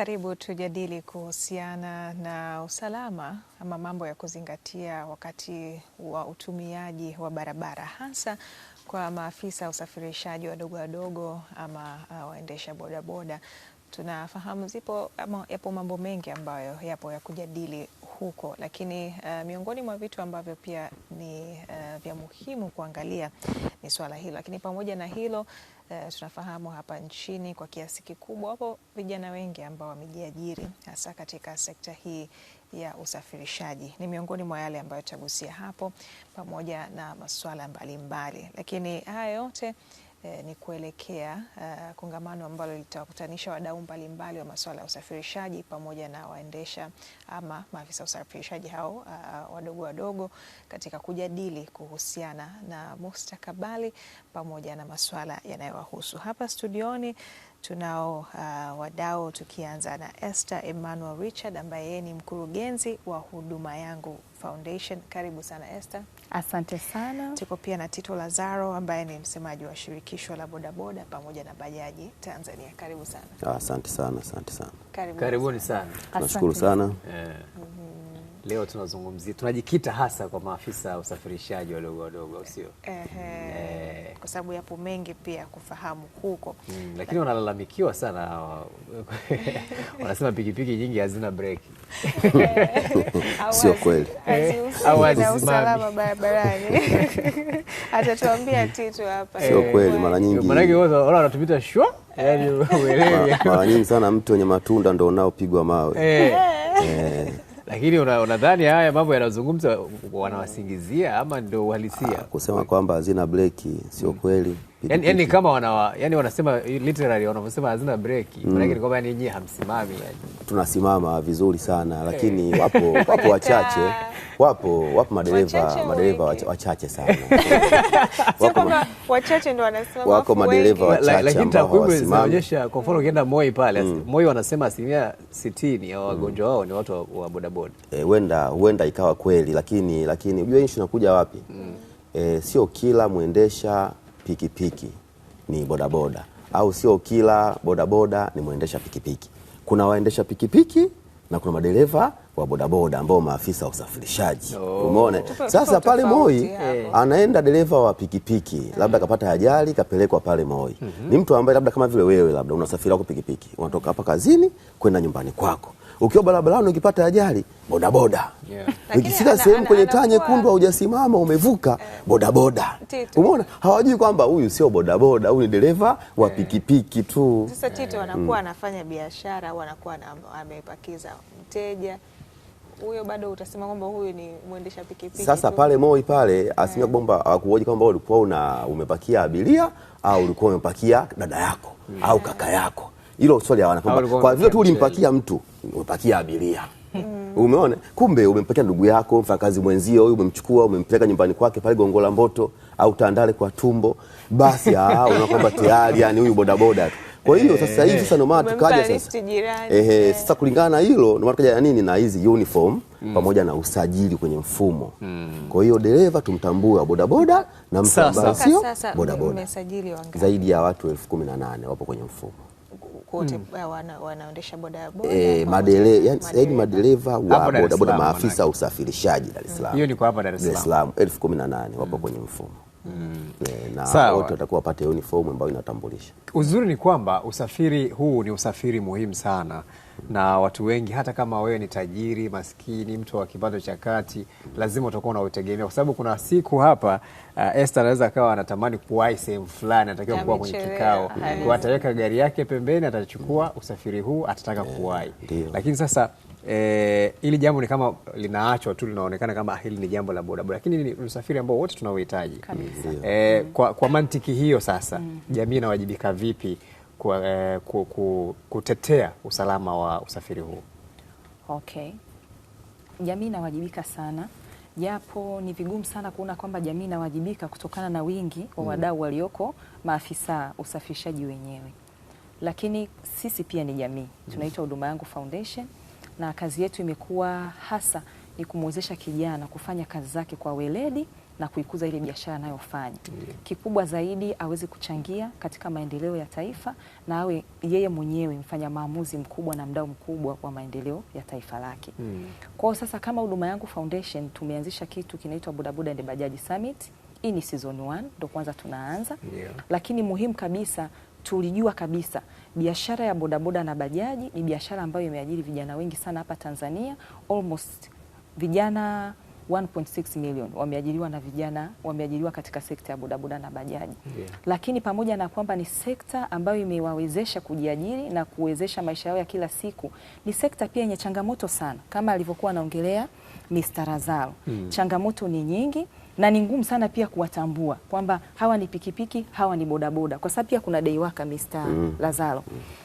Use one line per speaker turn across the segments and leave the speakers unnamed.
Karibu tujadili kuhusiana na usalama ama mambo ya kuzingatia wakati wa utumiaji wa barabara hasa kwa maafisa usafirishaji wadogo wadogo ama uh, waendesha bodaboda. Tunafahamu zipo ama yapo mambo mengi ambayo yapo ya kujadili huko, lakini uh, miongoni mwa vitu ambavyo pia ni uh, vya muhimu kuangalia ni swala hilo, lakini pamoja na hilo uh, tunafahamu hapa nchini kwa kiasi kikubwa wapo vijana wengi ambao wamejiajiri hasa katika sekta hii ya usafirishaji. Ni miongoni mwa yale ambayo tutagusia hapo pamoja na masuala mbalimbali, lakini haya yote eh, ni kuelekea eh, kongamano ambalo litawakutanisha wadau mbalimbali wa masuala ya usafirishaji pamoja na waendesha ama maafisa usafirishaji hao uh, wadogo wadogo katika kujadili kuhusiana na mustakabali pamoja na masuala yanayowahusu. Hapa studioni tunao uh, wadau tukianza na Esther Emmanuel Richard ambaye yeye ni mkurugenzi wa Huduma Yangu Foundation. Karibu sana Esther.
Asante sana.
Tuko pia na Tito Lazaro ambaye ni msemaji wa shirikisho la bodaboda pamoja na bajaji Tanzania. Karibu sana.
Ah, asante sana, asante sana.
Karibuni sana.
Tunashukuru sana.
Eh leo tunazungumzia, tunajikita hasa kwa maafisa usafirishaji wadogo wadogo, sio
eh, kwa sababu yapo mengi pia kufahamu huko
mm, lakini wanalalamikiwa sana wanasema pikipiki nyingi hazina breki.
Sio kweli
au usalama barabarani, atatuambia Titu hapa.
Sio eh, kweli, mara nyingi
wao wanatupita shwa, yani
uelewi. Mara nyingi sana mtu wenye matunda ndo unaopigwa mawe
eh. eh. eh. Lakini unadhani una haya mambo yanazungumza wanawasingizia ama ndio uhalisia? Ah,
kusema kwamba hazina breki sio mm. kweli
yani, yaani, yani kama wanawa, yani wanasema literally wanavyosema hazina break mm. Manake ni kwamba yani nyinyi hamsimami yani.
Tunasimama vizuri sana eh. lakini hey. wapo wapo wachache wapo wapo madereva madereva wachache sana
wako ma, wachache ndio wanasema
wako madereva wachache
lakini takwimu zinaonyesha kwa mfano ukienda Moi pale mm. Moi wanasema asilimia sitini ya wagonjwa wao ni watu wa bodaboda
eh, huenda e, huenda ikawa kweli lakini lakini unajua issue inakuja wapi mm. e, sio kila mwendesha pikipiki piki ni bodaboda au sio? Kila bodaboda ni mwendesha pikipiki. Kuna waendesha pikipiki na kuna madereva wa bodaboda ambao maafisa wa usafirishaji no. Oh. Umeona sasa pale Moi yeah. Eh. Anaenda dereva wa pikipiki Labda mm-hmm. kapata ajali kapelekwa pale Moi mm -hmm. Ni mtu ambaye labda kama vile wewe labda unasafiri wako pikipiki unatoka hapa kazini kwenda nyumbani kwako ukiwa barabarani ukipata ajali bodaboda, yeah. Ukifika sehemu kwenye taa nyekundu haujasimama umevuka eh. bodaboda, umeona hawajui kwamba huyu sio bodaboda, huyu ni dereva wa eh. pikipiki tu.
Sasa Tito eh. anakuwa mm. anafanya biashara au anakuwa amepakiza mteja huyo bado utasema kwamba huyu ni mwendesha pikipiki.
Sasa pale Moi pale asimia kwamba akuoje kwamba ulikuwa una umepakia abiria au ulikuwa umepakia dada yako mm. au kaka yako hilo swali hawana, kwamba kwa vile tu ulimpakia mtu umepakia abiria Mm. Umeona, kumbe umempatia ndugu yako mfanyakazi mwenzio huyu, umemchukua umempeleka nyumbani kwake pale Gongo la Mboto au Tandale kwa tumbo, basi ah, unaona kwamba tayari, yani huyu bodaboda tu. Kwa hiyo eh, sasa hivi eh. sasa ndio maana tukaja sasa, Eh, eh, sasa kulingana na hilo ndio maana tukaja nini na hizi uniform mm. pamoja na usajili kwenye mfumo mm. Kwa hiyo dereva tumtambue wa bodaboda na mtu ambaye sio bodaboda. Zaidi ya watu elfu kumi na nane wapo kwenye mfumo
wote mm. wana, wanaondesha bodaboda
e, yani madereva wa boda maafisa wa usafirishaji Dar es Salaam,
hiyo ni kwa hapa Dar es
Salaam elfu kumi na nane wapo hmm. kwenye mfumo Mm. na wote watakuwa wapate uniform ambayo inatambulisha.
Uzuri ni kwamba usafiri huu ni usafiri muhimu sana na watu wengi, hata kama wewe ni tajiri, maskini, mtu wa kipato cha kati, lazima utakuwa unautegemea, kwa sababu kuna siku hapa uh, Esther anaweza akawa anatamani kuwahi sehemu fulani, anatakiwa kuwa kwenye kikao, ataweka gari yake pembeni, atachukua usafiri huu, atataka eh, kuwahi, lakini sasa E, ili jambo ni kama linaachwa tu, linaonekana kama hili ni jambo la bodaboda, lakini ni usafiri ambao wote tunauhitaji. E, eh, kwa, kwa mantiki hiyo sasa, mm. jamii inawajibika vipi kwa, eh, ku, ku, kutetea usalama wa usafiri huu?
Okay, jamii inawajibika sana japo ni vigumu sana kuona kwamba jamii inawajibika kutokana na wingi wa mm. wadau walioko maafisa usafirishaji wenyewe, lakini sisi pia ni jamii. Mm. Tunaitwa Huduma Yangu Foundation na kazi yetu imekuwa hasa ni kumwezesha kijana kufanya kazi zake kwa weledi na kuikuza ile biashara anayofanya. Yeah. Kikubwa zaidi aweze kuchangia katika maendeleo ya taifa na awe yeye mwenyewe mfanya maamuzi mkubwa na mdau mkubwa wa maendeleo ya taifa lake. Mm. Kwa sasa kama Huduma Yangu Foundation tumeanzisha kitu kinaitwa Bodaboda and Bajaji Summit. Hii ni season 1 ndio kwanza tunaanza. Yeah. Lakini muhimu kabisa tulijua kabisa biashara ya bodaboda na bajaji ni biashara ambayo imeajiri vijana wengi sana hapa Tanzania. Almost vijana 1.6 million wameajiriwa na vijana, wameajiriwa katika sekta ya bodaboda na bajaji yeah. Lakini pamoja na kwamba ni sekta ambayo imewawezesha kujiajiri na kuwezesha maisha yao ya kila siku, ni sekta pia yenye changamoto sana, kama alivyokuwa anaongelea Mr. Razal mm. Changamoto ni nyingi na ni ngumu sana pia kuwatambua kwamba hawa ni pikipiki, hawa ni bodaboda, kwa sababu pia kuna waka Mr. Mm. mm. Lazaro.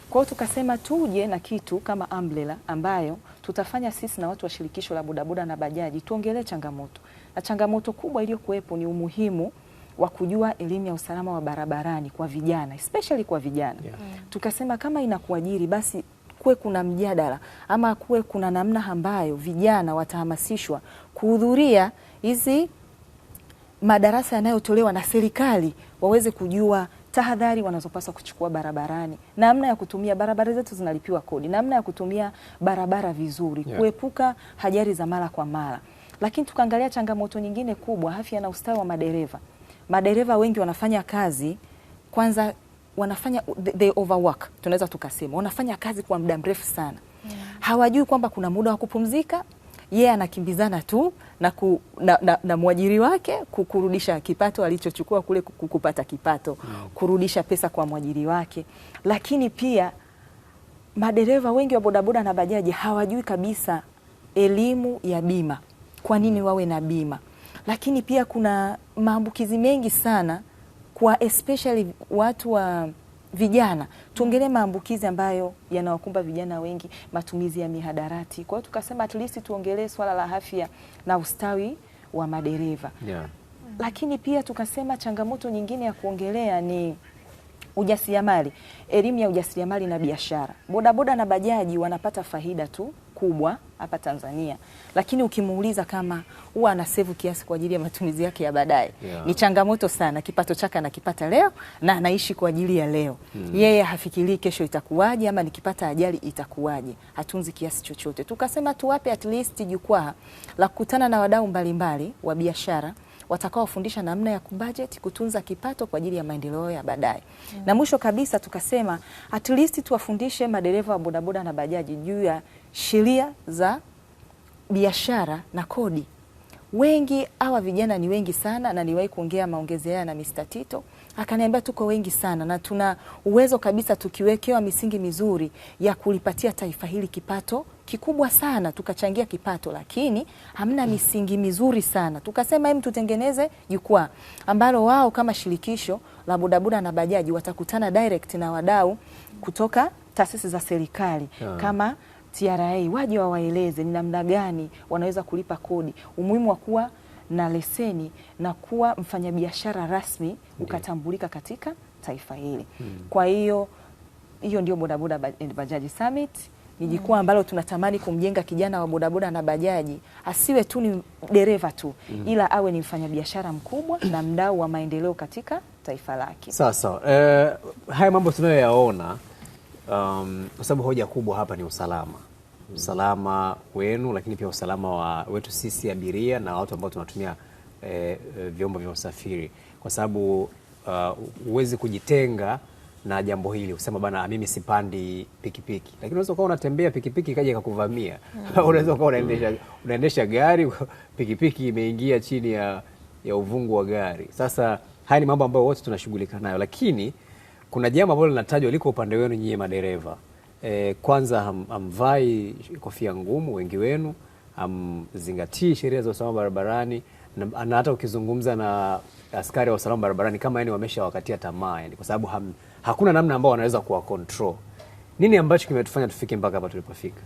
Kwa hiyo tukasema tuje na kitu kama umbrella ambayo tutafanya sisi na watu wa shirikisho la bodaboda na bajaji tuongelee changamoto, na changamoto kubwa iliyokuwepo ni umuhimu wa kujua elimu ya usalama wa barabarani kwa vijana, especially kwa vijana yeah. Mm. Tukasema kama inakuajiri basi kuwe kuna mjadala ama kuwe kuna namna ambayo vijana watahamasishwa kuhudhuria hizi madarasa yanayotolewa na serikali waweze kujua tahadhari wanazopaswa kuchukua barabarani, namna ya kutumia barabara zetu zinalipiwa kodi, namna ya kutumia barabara vizuri, yeah, kuepuka ajali za mara kwa mara. Lakini tukaangalia changamoto nyingine kubwa, afya na ustawi wa madereva. Madereva wengi wanafanya kazi kwanza, wanafanya they overwork, tunaweza tukasema wanafanya kazi kwa muda mrefu sana, yeah, hawajui kwamba kuna muda wa kupumzika yeye yeah, anakimbizana tu na, ku, na, na, na mwajiri wake kurudisha kipato alichochukua kule kupata kipato mm. kurudisha pesa kwa mwajiri wake, lakini pia madereva wengi wa bodaboda na bajaji hawajui kabisa elimu ya bima, kwa nini mm. wawe na bima. Lakini pia kuna maambukizi mengi sana kwa especially watu wa vijana tuongelee maambukizi ambayo yanawakumba vijana wengi, matumizi ya mihadarati. Kwa hiyo tukasema at least tuongelee swala la afya na ustawi wa madereva yeah. Lakini pia tukasema changamoto nyingine ya kuongelea ni ujasiriamali, elimu ya ujasiriamali na biashara. Bodaboda na bajaji wanapata faida tu kubwa hapa Tanzania, lakini ukimuuliza kama huwa ana save kiasi kwa ajili ya matumizi yake ya baadaye yeah. Ni changamoto sana. Kipato chake anakipata leo na anaishi kwa ajili ya leo mm. Yeye hafikirii kesho itakuwaje, ama nikipata ajali itakuwaje, hatunzi kiasi chochote. Tukasema tuwape at least jukwaa la kukutana na wadau mbalimbali wa biashara watakaofundisha namna ya kubajeti, kutunza kipato kwa ajili ya maendeleo ya baadaye. Mm. Na mwisho kabisa tukasema at least tuwafundishe madereva wa bodaboda na bajaji juu ya sheria za biashara na kodi. Wengi hawa vijana ni wengi sana, na niwahi kuongea maongezi haya na Mr. Tito akaniambia tuko wengi sana na tuna uwezo kabisa tukiwekewa misingi mizuri ya kulipatia taifa hili kipato kikubwa sana tukachangia kipato, lakini hamna misingi mizuri sana. Tukasema hem, tutengeneze jukwaa ambalo wao kama shirikisho la bodaboda na bajaji watakutana direct na wadau kutoka taasisi za serikali yeah. kama TRA waje wawaeleze ni namna gani wanaweza kulipa kodi, umuhimu wa kuwa na leseni na kuwa mfanyabiashara rasmi ukatambulika katika taifa hili. Hmm. Kwa hiyo hiyo ndio bodaboda eh, bajaji summit ni jukwaa ambalo tunatamani kumjenga kijana wa bodaboda na bajaji asiwe tu ni dereva tu mm. ila awe ni mfanyabiashara mkubwa na mdau wa maendeleo katika taifa lake.
Sawa sawa. Eh, haya mambo tunayoyaona um, kwa sababu hoja kubwa hapa ni usalama mm. usalama wenu, lakini pia usalama wa wetu sisi abiria na watu ambao tunatumia eh, eh vyombo vya usafiri kwa sababu uh, huwezi uh, kujitenga na jambo hili, usema bana, mimi sipandi pikipiki, lakini unaweza ukawa unatembea pikipiki ikaja ikakuvamia. Mm. Unaweza ukawa unaendesha unaendesha gari pikipiki imeingia chini ya, ya uvungu wa gari. Sasa haya ni mambo ambayo wote tunashughulika nayo, lakini kuna jambo ambalo linatajwa liko upande wenu nyie madereva e, kwanza ham, hamvai kofia ngumu wengi wenu, hamzingatii sheria za usalama barabarani na, na hata ukizungumza na askari wa usalama barabarani kama yani wamesha wakatia tamaa yani, kwa sababu hakuna namna ambao wanaweza kuwa control. Nini ambacho kimetufanya tufike mpaka hapa tulipofika?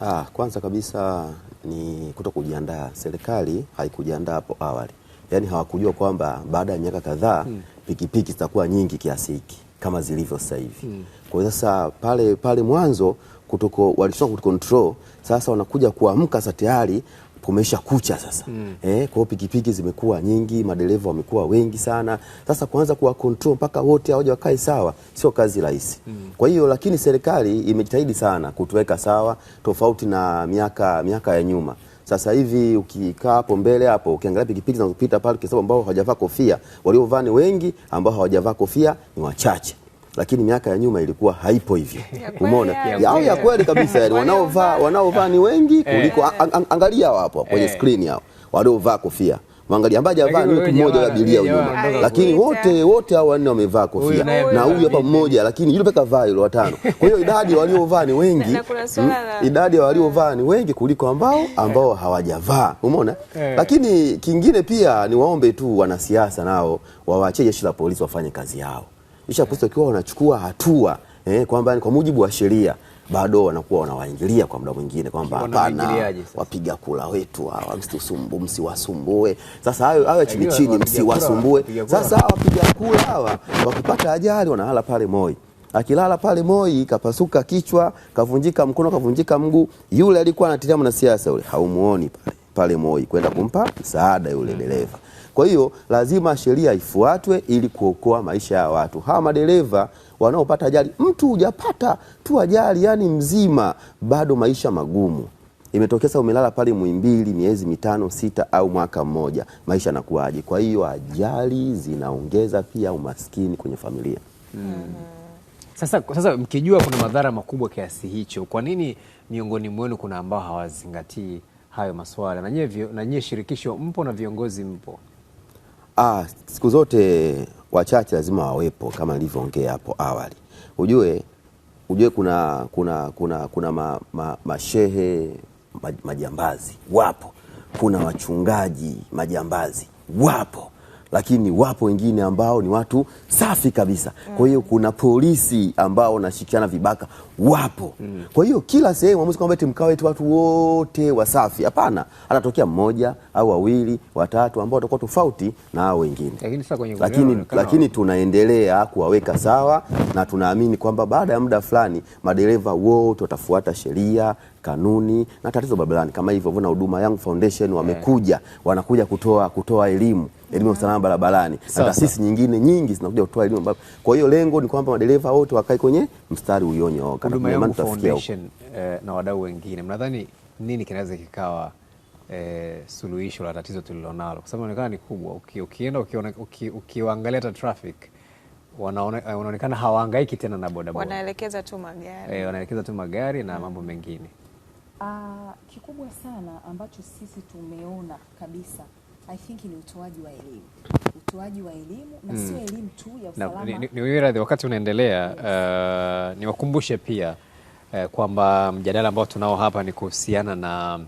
Ah, kwanza kabisa ni kuto kujiandaa. Serikali haikujiandaa hapo awali, yaani hawakujua kwamba baada ya miaka kadhaa hmm. pikipiki zitakuwa nyingi kiasi hiki kama zilivyo sasa hivi hmm. Kwa hiyo sasa pale pale mwanzo kutoko walisoma kucontrol, sasa wanakuja kuamka sasa tayari kumesha kucha sasa mm. Eh, kwa pikipiki zimekuwa nyingi, madereva wamekuwa wengi sana. Sasa kuanza kuwa control mpaka wote hawaje wakae sawa, sio kazi rahisi mm. Kwa hiyo lakini serikali imejitahidi sana kutuweka sawa, tofauti na miaka miaka ya nyuma. Sasa hivi ukikaa hapo mbele hapo ukiangalia pikipiki zinazopita pale, kwa sababu ambao hawajavaa kofia, waliovaa ni wengi, ambao hawajavaa kofia ni wachache lakini miaka ya nyuma ilikuwa haipo hivyo. Umeona au ya kweli kabisa, yani wanaovaa wanaovaa ni wengi eh. kuliko angalia hapo kwenye eh. screen yao waliovaa kofia Mwangalia ambaye hajavaa ni mtu mmoja wa bilia nyuma. Lakini wote wote hao wanne wamevaa kofia. Na huyu hapa mmoja lakini yule peka vaa ile watano. Kwa hiyo idadi waliovaa ni wengi. Hmm? Idadi waliovaa ni wengi kuliko ambao eh. ambao hawajavaa. Umeona? Lakini kingine pia niwaombe tu wanasiasa nao wawaachie jeshi la polisi wafanye kazi yao. Jeshi la wanachukua hatua eh, kwamba kwa mujibu wa sheria bado wanakuwa wanawaingilia kwa muda mwingine kwamba hapana, wapiga kula wetu hawa msitusumbue, msiwasumbue. Sasa hayo hayo chini chini, msiwasumbue. Sasa wapiga kula hawa wakipata ajali wanahala pale Moi, akilala pale Moi kapasuka kichwa, kavunjika mkono, kavunjika mguu, yule alikuwa na siasa yule haumuoni pale pale Moi kwenda kumpa msaada yule mm. dereva. Kwa hiyo lazima sheria ifuatwe ili kuokoa maisha ya watu. Hawa madereva wanaopata ajali, mtu hujapata tu ajali, yani mzima, bado maisha magumu. Imetokea sasa umelala pale Muhimbili miezi mitano sita au mwaka mmoja, maisha yanakuwaje? Kwa hiyo ajali zinaongeza pia umaskini kwenye familia. Hmm.
Sasa, sasa mkijua kuna madhara makubwa kiasi hicho, kwa nini miongoni mwenu kuna ambao hawazingatii hayo maswala Na nyie shirikisho mpo na viongozi mpo
Ah, siku zote wachache lazima wawepo kama nilivyoongea hapo awali. Ujue ujue kuna, kuna, kuna, kuna ma, ma, mashehe ma, majambazi wapo, kuna wachungaji majambazi wapo, lakini wapo wengine ambao ni watu safi kabisa. Kwa hiyo kuna polisi ambao wanashikiana vibaka wapo mm. Kwa hiyo kila sehemu amuzi kwamba eti mkawe tu watu wote wasafi, hapana. Anatokea mmoja au wawili watatu ambao watakuwa tofauti na hao wengine, lakini, lakini, lakini tunaendelea kuwaweka sawa na tunaamini kwamba baada ya muda fulani madereva wote watafuata sheria kanuni na tatizo barabarani kama hivyo vuna huduma Young Foundation wamekuja yeah. Wanakuja kutoa kutoa elimu elimu ya mm-hmm. usalama barabarani na taasisi nyingine nyingi zinakuja kutoa elimu. Kwa hiyo lengo ni kwamba madereva wote wakae kwenye mstari uyonyoka
huduma yangu foundation eh, na wadau wengine, mnadhani nini kinaweza kikawa eh, suluhisho la tatizo tulilonalo? Kwa sababu inaonekana ni kubwa. Uki, ukienda ukiwaangalia hata traffic wanaonekana hawaangaiki tena na boda,
wanaelekeza tu magari
eh, wanaelekeza tu magari na mm. mambo mengine.
Uh, kikubwa sana ambacho sisi tumeona kabisa I think ni utoaji wa elimu, utoaji wa elimu na mm. sio elimu tu ya usalama. Ni,
ni, ni radhi wakati unaendelea yes. Uh, niwakumbushe pia uh, kwamba mjadala ambao tunao hapa ni kuhusiana na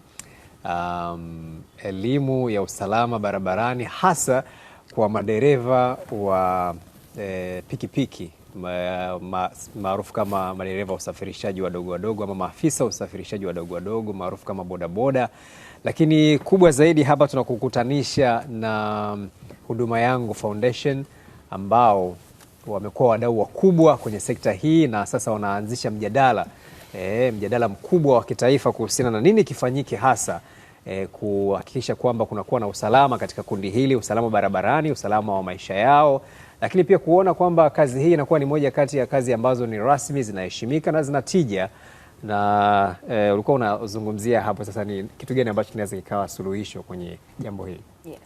um, elimu ya usalama barabarani hasa kwa madereva wa eh, pikipiki maarufu ma, ma, kama madereva wa usafirishaji wadogo wadogo ama maafisa wa usafirishaji wadogo wadogo maarufu kama bodaboda boda. Lakini kubwa zaidi hapa tunakukutanisha na Huduma Yangu Foundation ambao wamekuwa wadau wakubwa kwenye sekta hii na sasa wanaanzisha mjadala e, mjadala mkubwa wa kitaifa kuhusiana na nini kifanyike hasa e, kuhakikisha kwamba kunakuwa na usalama katika kundi hili, usalama barabarani, usalama wa maisha yao, lakini pia kuona kwamba kazi hii inakuwa ni moja kati ya kazi ambazo ni rasmi, zinaheshimika na zinatija na eh, ulikuwa unazungumzia hapo sasa, ni kitu gani ambacho kinaweza kikawa suluhisho kwenye jambo hili?
Yes.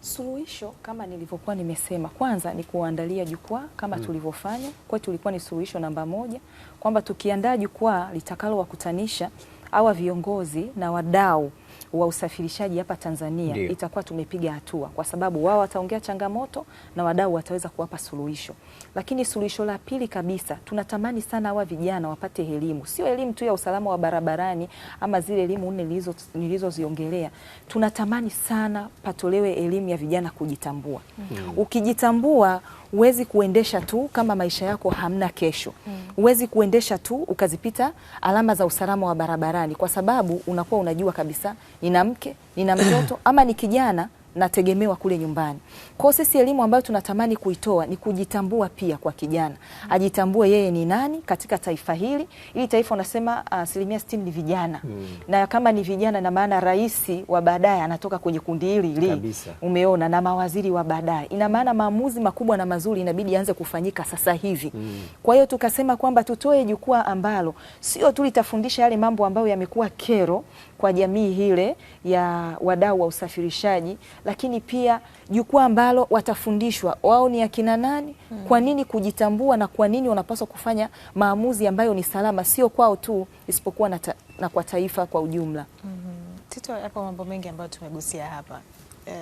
Suluhisho kama nilivyokuwa nimesema, kwanza ni kuandalia jukwaa kama mm. tulivyofanya kwetu, tulikuwa ni suluhisho namba moja kwamba tukiandaa jukwaa litakalowakutanisha hawa viongozi na wadau wa usafirishaji hapa Tanzania Ndiyo. itakuwa tumepiga hatua, kwa sababu wao wataongea changamoto na wadau wataweza kuwapa suluhisho. Lakini suluhisho la pili kabisa, tunatamani sana hawa vijana wapate elimu, sio elimu tu ya usalama wa barabarani ama zile elimu nne nilizoziongelea. Tunatamani sana patolewe elimu ya vijana kujitambua. mm. Ukijitambua huwezi kuendesha tu kama maisha yako hamna kesho. Hmm. Huwezi mm. kuendesha tu ukazipita alama za usalama wa barabarani, kwa sababu unakuwa unajua kabisa nina mke, nina mtoto ama ni kijana nategemewa kule nyumbani. Kwa sisi elimu ambayo tunatamani kuitoa ni kujitambua pia kwa kijana. Ajitambue yeye ni nani katika taifa hili. ili taifa unasema uh, asilimia uh, 60 ni vijana. Hmm. Na kama ni vijana na maana rais wa baadaye anatoka kwenye kundi hili hili. Umeona na mawaziri wa baadaye. Ina maana maamuzi makubwa na mazuri inabidi anze kufanyika sasa hivi. Hmm. Kwa hiyo tukasema kwamba tutoe jukwaa ambalo sio tu litafundisha yale mambo ambayo yamekuwa kero kwa jamii hile ya wadau wa usafirishaji, lakini pia jukwaa ambalo watafundishwa wao ni akina nani, hmm. kwa nini kujitambua na kwa nini wanapaswa kufanya maamuzi ambayo ni salama, sio kwao tu, isipokuwa na, ta, na kwa taifa kwa ujumla. Mm -hmm. Tito, yapo mambo mengi ambayo tumegusia hapa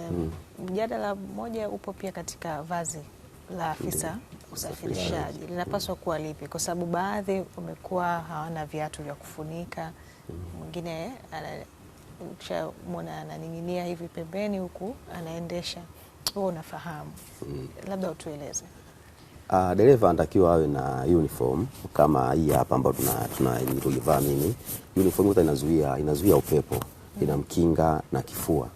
hmm. mjadala. Um, mm. mmoja upo pia katika vazi la afisa usafirishaji linapaswa kuwa lipi, kwa sababu baadhi wamekuwa hawana viatu vya kufunika mwingine kisha ananing'inia hivi pembeni huku anaendesha, huo unafahamu mm. labda utueleze.
Uh, dereva anatakiwa awe na uniform kama hii hapa ambayo tuna, tuna, mimi uniform inazuia, inazuia upepo mm. inamkinga na kifua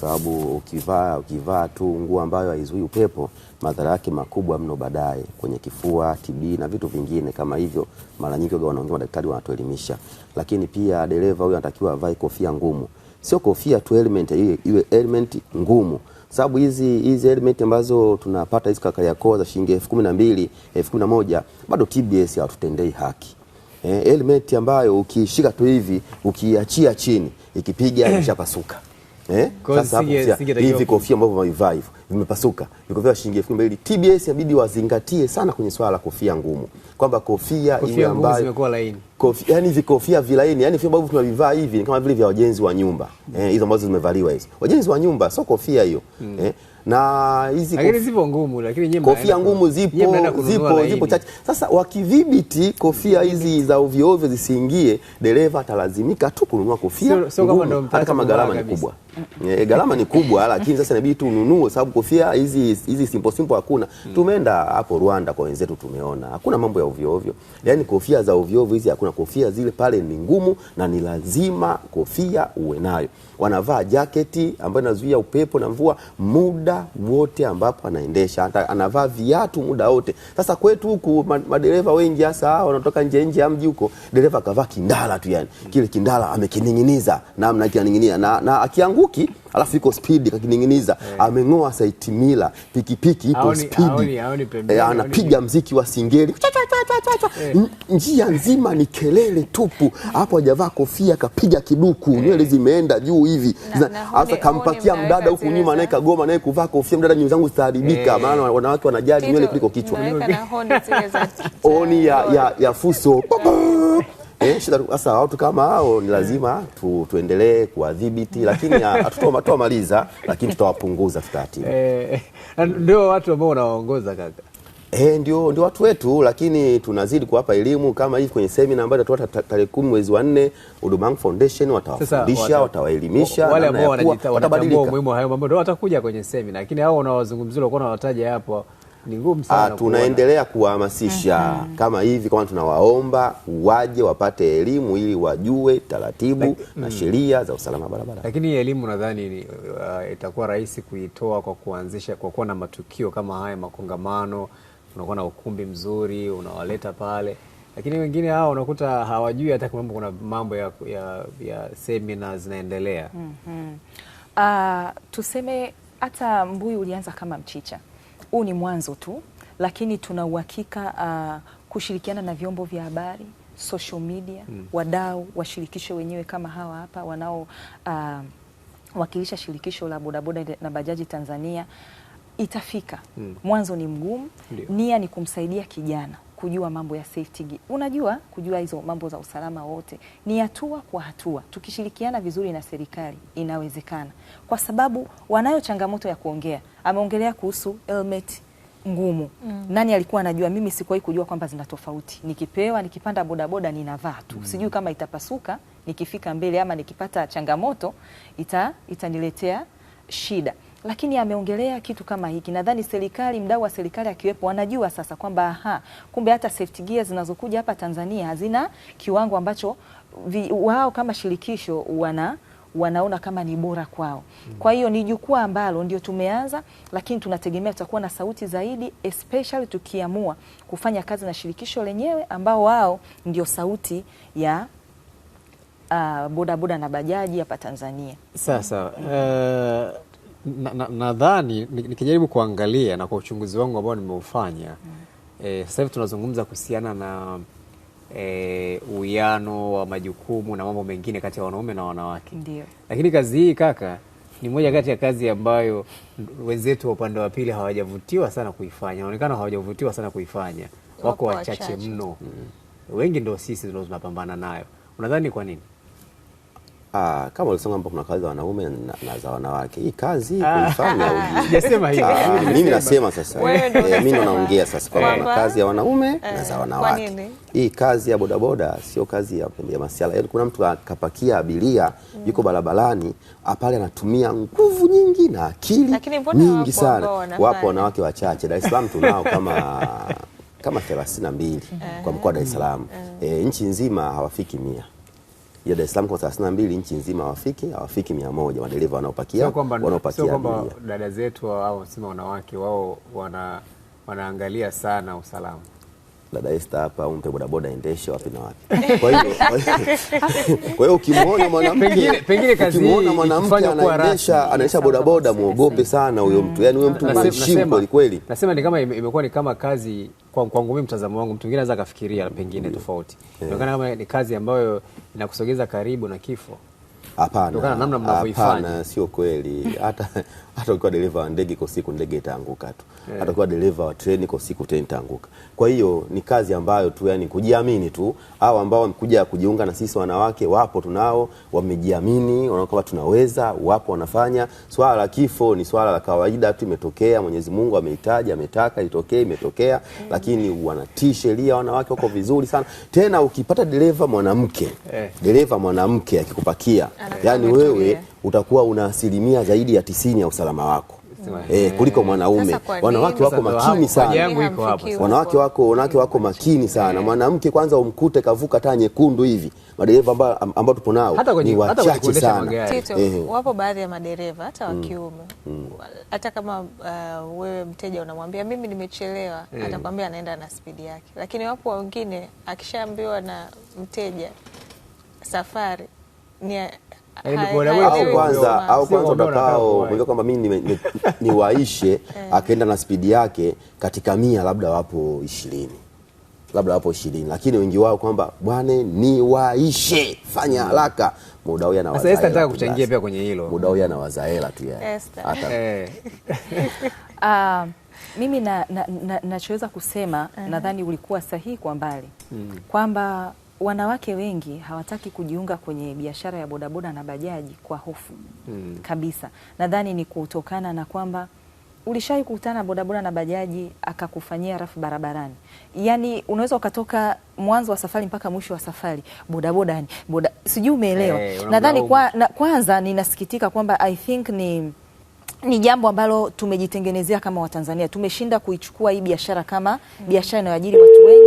sababu ukivaa ukivaa tu nguo ambayo haizui upepo, madhara yake makubwa mno baadaye kwenye kifua, TB na vitu vingine kama hivyo. Mara nyingi waga wanaongea madaktari wanatuelimisha, lakini pia dereva huyo anatakiwa avae kofia ngumu, sio kofia tu helmet, iwe helmet ngumu sababu hizi hizi helmet ambazo tunapata hizi Kakaria za shilingi elfu kumi na mbili elfu kumi na moja bado TBS hawatutendei haki. Eh, helmet ambayo ukishika tu hivi ukiachia chini ikipiga ishapasuka. Eh? hivi kofia ambavyo wamevaa hivyo vimepasuka, viko vya shilingi elfu mbili. TBS inabidi wazingatie sana kwenye swala la kofia ngumu, kwamba kofia
ile ambayo
kofia, yani hivi kofia vilaini, yani ambavyo tunavivaa hivi ni kama vile vya wajenzi wa nyumba mm. eh, hizo ambazo zimevaliwa hizo wajenzi wa nyumba, sio kofia hiyo mm. eh? na hizi
lakini zipo ngumu, lakini nyema
kofia ngumu zipo zipo zipo chache. Sasa wakidhibiti kofia hizi za ovyo ovyo zisiingie, dereva atalazimika tu kununua kofia, sio kama ndio hata kama gharama ni kubwa. E, gharama ni kubwa lakini sasa inabidi tu ununue, sababu kofia hizi hizi simple simple hakuna. Hmm. Tumeenda hapo Rwanda kwa wenzetu, tumeona hakuna mambo ya ovyo ovyo, yaani kofia za ovyo ovyo hizi hakuna. Kofia zile pale ni ngumu na ni lazima kofia uwe nayo. Wanavaa jaketi ambayo inazuia upepo na mvua muda wote ambapo anaendesha, hata anavaa viatu muda wote. Sasa kwetu huku madereva wengi hasa wanatoka nje nje ya mji huko, dereva akavaa kindala tu, yani hmm. kile kindala amekining'iniza na amna kinaning'inia na, na akiangu anguki, alafu iko spidi kakining'iniza, eh. ameng'oa saitimila, pikipiki
iko spidi,
eh, anapiga mziki wa singeli, eh. njia nzima ni kelele tupu. Hapo hajavaa kofia, kapiga kiduku, nywele zimeenda juu hivi, hasa kampakia mdada huku nyuma, naye kagoma, naye kuvaa kofia. Mdada, nywele zangu zitaharibika, maana wanawake wanajali nywele kuliko kichwa. Oni ya, ya, ya fuso Eh, shida sasa watu kama hao ni eh. lazima tu, tuendelee kuwadhibiti, lakini ah, hatutamaliza, lakini tutawapunguza tutaratibu. Eh,
ndio watu ambao wanaongoza kaka.
Eh, ndio ndio watu wetu, lakini tunazidi kuwapa elimu kama hivi kwenye semina ambayo tutatoa tarehe kumi mwezi wa nne, Uduma Foundation watawafundisha, watawaelimisha
wale ambao wanajitambua umuhimu hayo mambo ndio watakuja kwenye semina, lakini hao unaowazungumzia ulikuwa unawataja hapo ni ngumu sana.
Ah, tunaendelea kuwahamasisha mm -hmm. kama hivi, kama tunawaomba waje wapate elimu ili wajue taratibu like, na mm. sheria za usalama barabara.
Lakini elimu nadhani uh, itakuwa rahisi kuitoa kwa kuanzisha, kwa kuwa na matukio kama haya, makongamano, unakuwa na ukumbi mzuri unawaleta pale lakini wengine hao unakuta hawajui hata kama kuna mambo ya, ya, ya semina zinaendelea. mm -hmm.
Uh, tuseme hata mbuyu ulianza kama mchicha huu ni mwanzo tu, lakini tuna uhakika uh, kushirikiana na vyombo vya habari social media hmm, Wadau washirikisho wenyewe kama hawa hapa wanao uh, wakilisha shirikisho la bodaboda na bajaji Tanzania itafika mm. Mwanzo ni mgumu, nia ni kumsaidia kijana kujua mambo ya safety gear. Unajua kujua hizo mambo za usalama wote ni hatua kwa hatua, tukishirikiana vizuri na serikali inawezekana, kwa sababu wanayo changamoto ya kuongea. Ameongelea kuhusu helmet ngumu mm. Nani alikuwa anajua? Mimi sikuwahi kujua kwamba zina tofauti. Nikipewa, nikipanda bodaboda ninavaa tu mm. Sijui kama itapasuka nikifika mbele ama nikipata changamoto ita, itaniletea shida lakini ameongelea kitu kama hiki. Nadhani serikali, mdau wa serikali akiwepo, wanajua sasa kwamba aha, kumbe hata safety gear zinazokuja hapa Tanzania hazina kiwango ambacho vi, wao kama shirikisho wana wanaona kama ni bora kwao. Hmm. Kwa hiyo ni jukwaa ambalo ndio tumeanza, lakini tunategemea tutakuwa na sauti zaidi, especially tukiamua kufanya kazi na shirikisho lenyewe ambao wao ndio sauti ya ah, bodaboda uh, boda na bajaji hapa Tanzania.
Sasa uh, nadhani na, na nikijaribu kuangalia na kwa uchunguzi wangu ambao nimeufanya mm. e, sasa hivi tunazungumza kuhusiana na e, uwiano wa majukumu na mambo mengine kati ya wanaume na wanawake. Ndiyo. Lakini kazi hii kaka ni moja kati ya kazi ambayo wenzetu wa upande wa pili hawajavutiwa sana kuifanya, naonekana hawajavutiwa sana kuifanya, wako wachache mno. mm. Wengi ndio sisi ndio tunapambana nayo. Unadhani kwa nini?
Ah, kama ulisema kwamba kuna kazi za wanaume na, na za wanawake, hii kazi kuifanya ah. hujasema hivi. Ah, mimi nasema sasa, eh, mimi ndo naongea sasa kwa kuna kazi ya wanaume na eh, za wanawake. Hii kazi ya bodaboda sio kazi ya ya masiala, yaani kuna mtu akapakia abiria mm. yuko barabarani apale ah, anatumia nguvu nyingi na akili
nyingi sana.
Wapo wanawake wachache Dar es Salaam tunao kama kama 32 eh. kwa mkoa wa Dar es Salaam, nchi nzima hawafiki mia ya Dar es Salaam kwa thelathini mbili nchi nzima hawafiki hawafiki 100 madereva wanaopakia
wanaopakia. Sio kwamba dada zetu au sema wanawake wao wana wanaangalia sana usalama
dada Esther hapa au boda bodaboda endeshe wapi na wapi. Kwa hiyo kwa hiyo ukimwona mwanamke
pengine pengine kazi ukimwona
mwanamke anaendesha anaendesha bodaboda muogope sana huyo mtu. Yaani huyo mtu mheshimu kweli kweli.
Nasema ni kama imekuwa ni kama kazi kwa kwangu mimi mtazamo wangu mtu mwingine anaweza akafikiria pengine tofauti. Eh. Inaonekana kama ni kazi ambayo inakusogeza karibu na kifo.
Hapana. Kutokana namna mnavyoifanya. Hapana, sio kweli. Hata hata ukiwa dereva wa ndege kwa siku ndege itaanguka tu, hata eh. yeah. ukiwa dereva wa treni kwa siku treni itaanguka. Kwa hiyo ni kazi ambayo tu yani kujiamini tu, au ambao wamekuja kujiunga na sisi wanawake, wapo tunao, wamejiamini, wanaona kwamba tunaweza, wapo wanafanya. Swala la kifo ni swala la kawaida tu, imetokea. Mwenyezi Mungu amehitaji, ametaka itokee, imetokea eh. lakini wanatii sheria, wanawake wako vizuri sana. Tena ukipata dereva mwanamke, eh. dereva mwanamke akikupakia, yani wewe utakuwa una asilimia zaidi ya tisini ya usalama wako e, kuliko mwanaume. Wanawake wako makini sana, wanawake wako wanawake wako makini sana. Eh. Mwanamke kwanza umkute kavuka taa nyekundu hivi, madereva ambao ambao tupo nao ni wachache sana.
Tito, wapo baadhi ya madereva hata wa mm. kiume mm, hata kama uh, wewe mteja unamwambia mimi nimechelewa mm, atakwambia anaenda na spidi yake, lakini wapo wengine akishaambiwa na mteja safari ni
Yaani au kwanza au kwanza utakao mwambia kwamba mimi niwaishe, eh. akaenda na spidi yake katika mia, labda wapo ishirini labda wapo ishirini, lakini wengi wao kwamba bwana niwaishe, fanya mm. haraka muda huyu anawaza. nataka
kuchangia pia kwenye hilo,
muda huyu anawaza hela tu yeye
hata eh. um, mimi nachoweza na, na, na kusema mm -hmm. Nadhani ulikuwa sahihi kwa mbali mm. kwamba wanawake wengi hawataki kujiunga kwenye biashara ya bodaboda na bajaji kwa hofu hmm. kabisa. Nadhani ni kutokana na kwamba ulishawahi kukutana bodaboda na bajaji akakufanyia rafu barabarani, yaani unaweza ukatoka mwanzo wa safari mpaka mwisho wa safari bodaboda, yani boda, sijui umeelewa? Hey, eh, nadhani kwa, na, kwanza ninasikitika kwamba I think ni ni jambo ambalo tumejitengenezea kama Watanzania, tumeshinda kuichukua hii biashara kama hmm. biashara inayoajiri watu wengi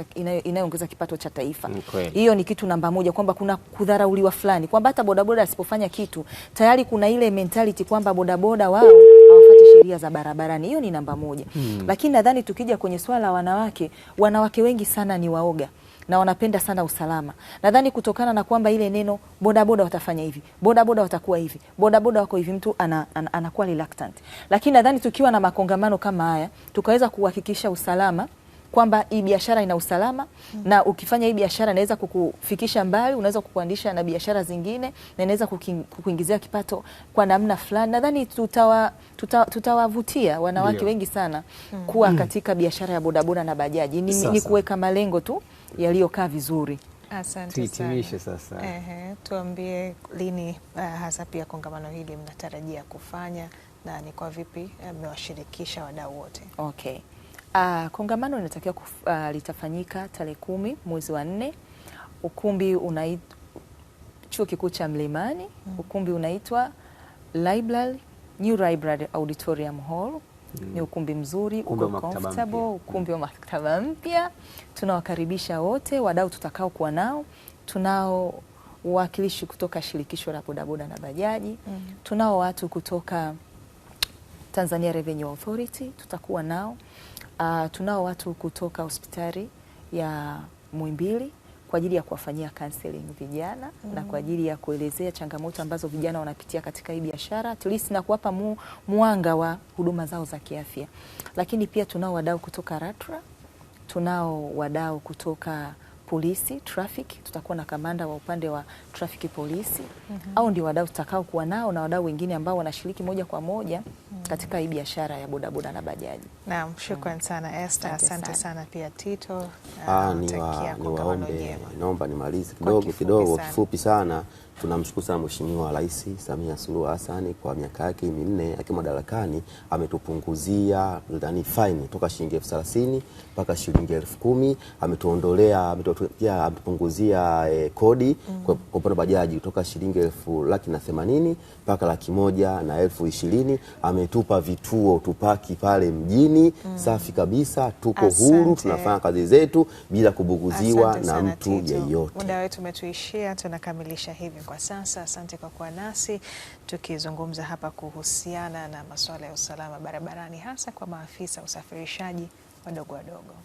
Afrika inayoongeza inayo kipato cha taifa. Hiyo ni kitu namba moja, kwamba kuna kudharauliwa fulani, kwamba hata bodaboda asipofanya kitu tayari kuna ile mentality kwamba bodaboda wao hawafuati sheria za barabarani. Hiyo ni namba moja hmm. Lakini nadhani tukija kwenye swala la wanawake, wanawake wengi sana ni waoga na wanapenda sana usalama. Nadhani kutokana na kwamba ile neno bodaboda boda watafanya hivi, bodaboda boda watakuwa hivi, bodaboda boda wako hivi, mtu ana, ana, anakuwa reluctant. Lakini nadhani tukiwa na makongamano kama haya tukaweza kuhakikisha usalama kwamba hii biashara ina usalama mm. na ukifanya hii biashara inaweza kukufikisha mbali, unaweza kukuandisha na biashara zingine na inaweza kukuingizia kipato kwa namna fulani. Nadhani tutawavutia tuta, tutawa wanawake Ndiyo. wengi sana mm. kuwa mm. katika mm. biashara ya bodaboda na bajaji. Ni, ni kuweka malengo tu yaliyokaa vizuri. Asante sana.
Sasa
ehe, tuambie lini uh, hasa pia kongamano hili mnatarajia kufanya na ni kwa vipi eh, mmewashirikisha wadau wote? Okay. Uh, kongamano linatakiwa uh, litafanyika tarehe kumi mwezi wa nne. Ukumbi unaitwa chuo kikuu cha Mlimani mm. Ukumbi unaitwa Library, New Library Auditorium Hall mm. Ni ukumbi mzuri,
uko comfortable,
ukumbi wa maktaba mpya. Tunawakaribisha wote wadau tutakao kuwa nao, tunao uwakilishi kutoka shirikisho la bodaboda na bajaji mm. Tunao watu kutoka Tanzania Revenue Authority tutakuwa nao. Uh, tunao watu kutoka hospitali ya Muhimbili kwa ajili ya kuwafanyia counseling vijana mm. na kwa ajili ya kuelezea changamoto ambazo vijana wanapitia katika hii biashara at least na kuwapa mu, mwanga wa huduma zao za kiafya, lakini pia tunao wadau kutoka ratra tunao wadau kutoka polisi traffic, tutakuwa na kamanda wa upande wa traffic polisi mm -hmm. au ndio wadau tutakao kuwa nao na wadau wengine ambao wanashiriki moja kwa moja mm -hmm. katika hii biashara ya bodaboda na bajaji. Naam, shukrani sana Esther, asante sana pia Tito.
Ah, ah, niwaombe, naomba nimalize kidogo kidogo kifupi sana Tunamshukuru sana Mheshimiwa Rais Samia Suluhu Hassan kwa miaka yake minne akiwa madarakani ametupunguzia ndani fine toka shilingi elfu thelathini mpaka shilingi elfu kumi ametuondolea ametupunguzia e, kodi mm. kwa upande wa bajaji kutoka shilingi elfu laki na themanini mpaka laki moja na elfu ishirini ametupa vituo tupaki pale mjini mm. safi kabisa, tuko Asante. huru tunafanya kazi zetu bila kubuguziwa Asante na mtu yeyote.
Muda wetu umetuishia, tunakamilisha hivyo kwa sasa. Asante kwa kuwa nasi tukizungumza hapa kuhusiana na masuala ya usalama barabarani, hasa kwa maafisa usafirishaji wadogo wadogo.